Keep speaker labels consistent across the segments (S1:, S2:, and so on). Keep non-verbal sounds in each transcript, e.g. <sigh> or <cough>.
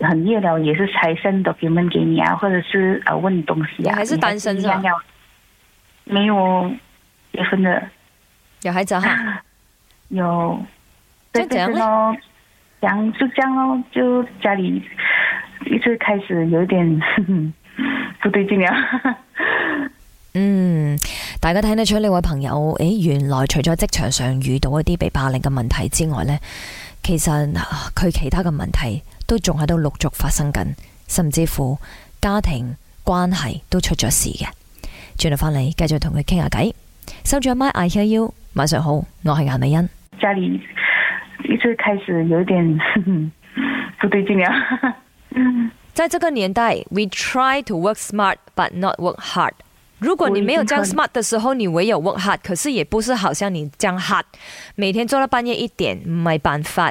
S1: 很熱鬧，也是財神都開門給你啊，或者是啊問你東西啊。還是單身啊？沒有結婚的，有孩子哈？有對，係有咯，講就咁樣咯，就家裏一直開始有點呵呵不對勁啊。 <laughs> 嗯，
S2: 大家聽得出呢位朋友誒，原來除咗職場上遇到的一啲被霸凌嘅問題之外咧，其實佢、啊、其他嘅問題。都仲喺度陸續發生緊，甚至乎家庭關係都出咗事嘅。轉頭翻嚟，繼續同佢傾下偈。收咗麥，I hear you。晚上好，我係顏美欣。家裏
S1: 一直開始有點不對勁啊。嗯。
S2: 在這個年代，we try to work smart but not work hard。如果你沒有這樣 smart 的時候，你唯有 work hard，可是也不是好像你這樣 hard，每天做到半夜一點，唔係辦法。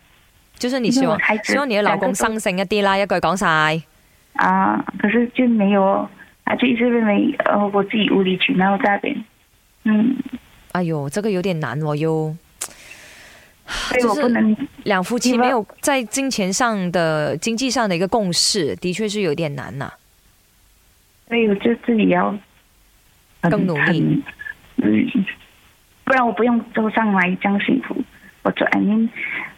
S2: 就是你希望，希望你的老公生性一啲啦、啊，一句講晒。
S1: 啊，可是就沒有，啊，就一直認為，呃，我自己無理取鬧加啲。嗯，哎呦，這個有點難喎，又，
S2: 所以我不能。兩、就是、夫妻沒有在金錢上的經濟上的一個共識，的確
S1: 是有點難啦、啊。所以我就自己要努更努力，嗯，不然我不用坐上來將幸福，我轉。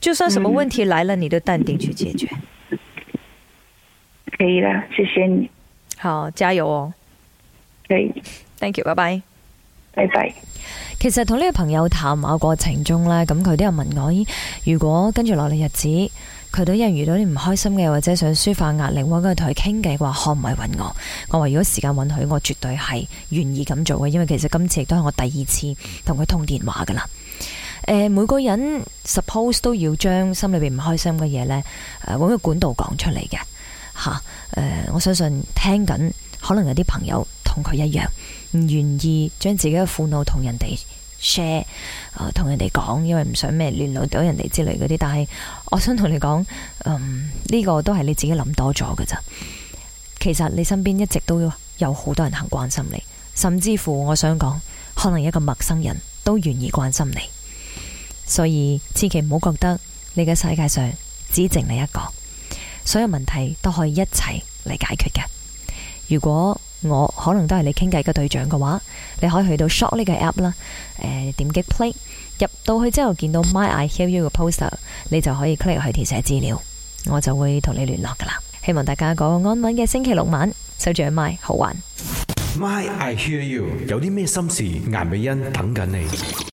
S2: 就算什麼問題來了、嗯，你都淡定去解決。可以啦，謝謝你。好，加油哦。可以，Thank you，拜拜。拜拜。其實同呢個朋友談話過程中呢，咁佢都有問我，如果跟住落嚟日子，佢都一人遇到啲唔開心嘅，或者想抒發壓力，或者同佢傾偈嘅話，可唔可以揾我？我話如果時間允許，我絕對係願意咁做嘅，因為其實今次亦都係我第二次同佢通電話噶啦。呃、每個人 suppose 都要將心裏邊唔開心嘅嘢呢，揾、呃、個管道講出嚟嘅吓。我相信聽緊可能有啲朋友同佢一樣，唔願意將自己嘅苦惱同人哋 share，同人哋講，因為唔想咩聯絡到人哋之類嗰啲。但係我想同你講，呢、嗯呢個都係你自己諗多咗嘅咋，其實你身邊一直都有好多人肯關心你，甚至乎我想講，可能一個陌生人都願意關心你。所以千祈唔好覺得你嘅世界上只剩你一個，所有問題都可以一齊嚟解決嘅。如果我可能都係你傾偈嘅對象嘅話，你可以去到 s h o p 呢個 app 啦，誒點擊 Play 入到去之後見到 My I Hear You 嘅 poster，你就可以 click 去填寫資料，我就會同你聯絡噶啦。希望大家過安穩嘅星期六晚，收住麥，好玩。My I Hear You 有啲咩心事？顏美欣等緊你。